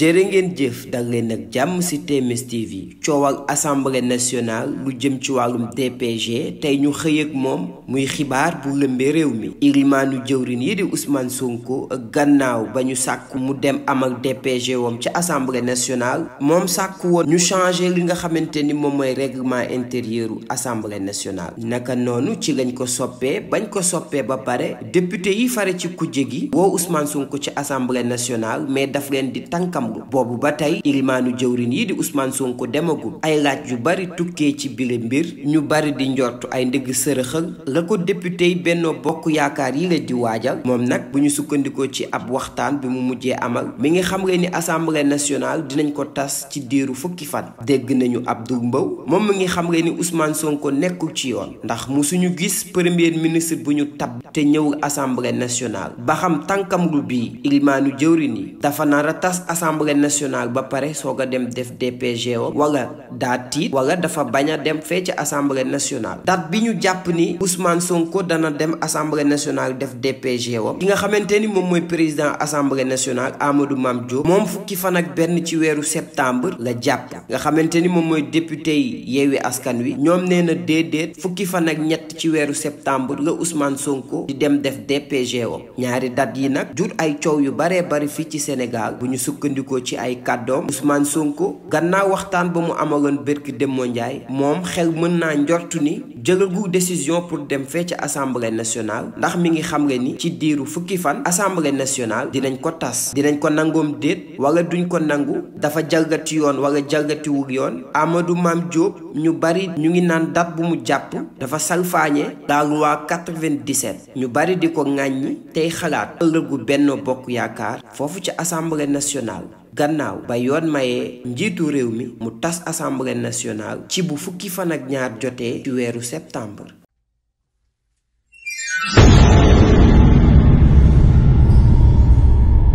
jërë ngeen jëf dal leen ak jàmm ci TMS TV coowal assemblée nationale lu jëm ci wàllum DPG tey ñu xëy moom muy xibaar bu lëmbee réew mi ilimaanu jëwrin yi di Ousmane Sonko gannaaw ba ñu sàkk mu dem amal DPG woom ci assemblée nationale moom sàkk woon ñu changé li nga xamante ni moom mooy règlement intérieur u assemblée nationale naka noonu ci lañ ko soppee bañ ko soppee ba pare député yi fare ci kujje gi woo Ousmane Sonko ci assemblée nationale mais daf di tànkam lamb boobu ba tey ilimaanu jëwrin yi di Ousmane Sonko demagul ay laaj yu bari tukkee ci bile mbir ñu bari di njort ay ndëgg sërëxal la ko député yi Benno Bokk Yaakaar yi la di waajal moom nag bu ñu sukkandikoo ci ab waxtaan bi mu mujjee amal mi ngi xam leen ni assemblée nationale dinañ ko tas ci diiru fukki fan dégg nañu Abdou Mbow moom mu ngi xam leen ni Ousmane Sonko nekkul ci yoon ndax mu suñu gis premier ministre bu ñu tab te ñëwul assemblée nationale ba xam tànkamlu bii jëwrin yi assemblée nationale ba pare soog a dem def DPGO wala daa tiit wala dafa bañ a dem fee ci assemblée nationale date bi ñu jàpp ni Ousmane Sonko dana dem assemblée national def DPGO ki nga xamante ni moom mooy président assemblée nationale Amadou Mame moom fukki fan ak benn ci weeru septembre la jàpp nga xamante ni moom mooy député yi yeewi askan wi ñoom nee na déedéet fukki fan ak ñett ci weeru septembre la Ousmane Sonko di dem def DPGO ñaari date yi nag jur ay coow yu baree bari fii ci Sénégal bu ñu sukkandiku sukkandikoo ci ay kàddoom Ousmane Sonko gannaaw waxtaan ba mu amaloon bërki Demba Ndiaye moom xel mën naa njortu ni gu décision pour dem fee ca assemblée nationale ndax mi ngi xam le ni ci diiru fukki fan assemblée nationale dinañ ko tas dinañ ko nangoom déet wala duñ ko nangu dafa jalgati yoon wala jalgatiwul yoon Amadou maam Diop ñu bari ñu ngi naan date bu mu jàpp dafa salfaañe la loi 97 ñu bari di ko ŋàññi tey xalaat ëllëgu benn bokk yaakaar foofu ci assemblée nationale gannaaw ba yoon mayee njiitu réew mi mu tas assemblée nationale ci bu fukki fan ak ñaar jotee ci weeru septembre